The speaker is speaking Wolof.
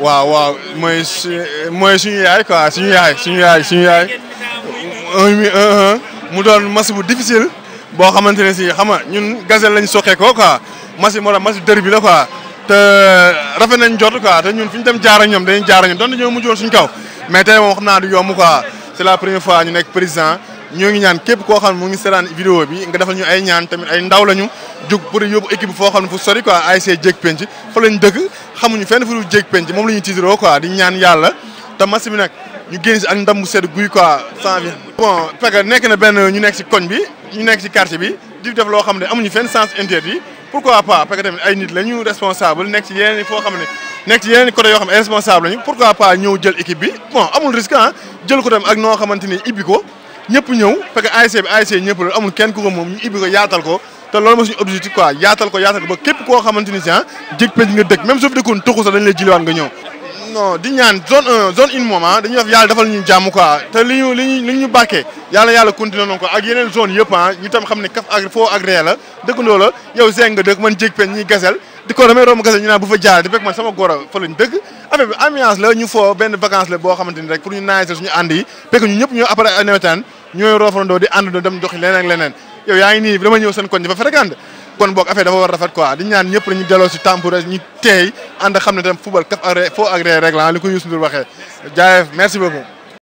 waaw waaw mooy suñu mooy suñu yaay quoi suñu yaay suñu yaay yaay. mu doon match bu difficile boo xamante ne si xam nga ñun Gazelle lañ soqee ko quoi match moo tax match derby la quoi te rafet nañ jot quoi te ñun fi ñu dem jaar ak ñoom dañuy jaar ak ñoom doon dañoo mujjoon suñu kaw. mais tey moom wax naa du yomb quoi c'est la première fois ñu nekk président ñoo ngi ñaan képp koo xam ne mu ngi seetaan vidéo bi nga defal ñu ay ñaan tamit ay ndaw lañu. jug pour yóbbu équipe foo xam ne fu sori quoi ASC Dieg Penc fa lañ dëkk xamuñu fenn fu dul Penc moom la ñu tiitaroo quoi di ñaan yàlla te match bi nag ñu génn si ak ndam sedd guy quoi sans vie. bon fekk nekk na benn ñu nekk si koñ bi ñu nekk ci quartier bi di def loo xam ne amuñu fenn sens interdit pourquoi pas parce que tamit ay nit la responsable nekk si yeneen foo xam ne nekk ci yeneen côté yoo xam ne ay responsable lañu pourquoi pas ñëw jël équipe bi bon ah. jël ko tamit ak noo xamante ni ibbi ko ñëpp ñëw fekk ASC bi ASC ñëpp la kenn ku ko moom ñu ibbi ko yaatal ko te loolu mooy suñu objectif quoi yaatal ko yaatal ko ba képp koo xamante ni si ah jég pej nga dëkk même suuf dëkkoon tuxu sax dañ lay jiliwaat nga ñëw non di ñaan zone une moom ah dañuy wax yàlla defal ñu jàmm quoi te li ñu li ñu li ñu bàkkee yàlla yàlla noonu ko ak yeneen zone yëpp ah, ñu tam xam ne kaf ak foo ak ree la dëkkandoo la yow zeng nga dëkk man jég peñ ñuy gasel di ko damay romb gasel ñu naan bu fa jaar di fekk man sama góor a fa lañ dëkk affaire bi ambiance la ñu foo boo xamante ni rek pour ñu naangi ñëpp ñoo après nawetaan ñooy roofandoo di àndandoo dem doxi leneen leneen yow yaa ngi nii dama ñëw seen koñ dafa fréquente kon boog affaire dafa war a rafet quoi di ñaan ñëpp dañu delloo si temporaire ñu teey ànd xam ne tam football kaf ak foo ak ree règlement li ko Youssou Ndour waxee merci beaucoup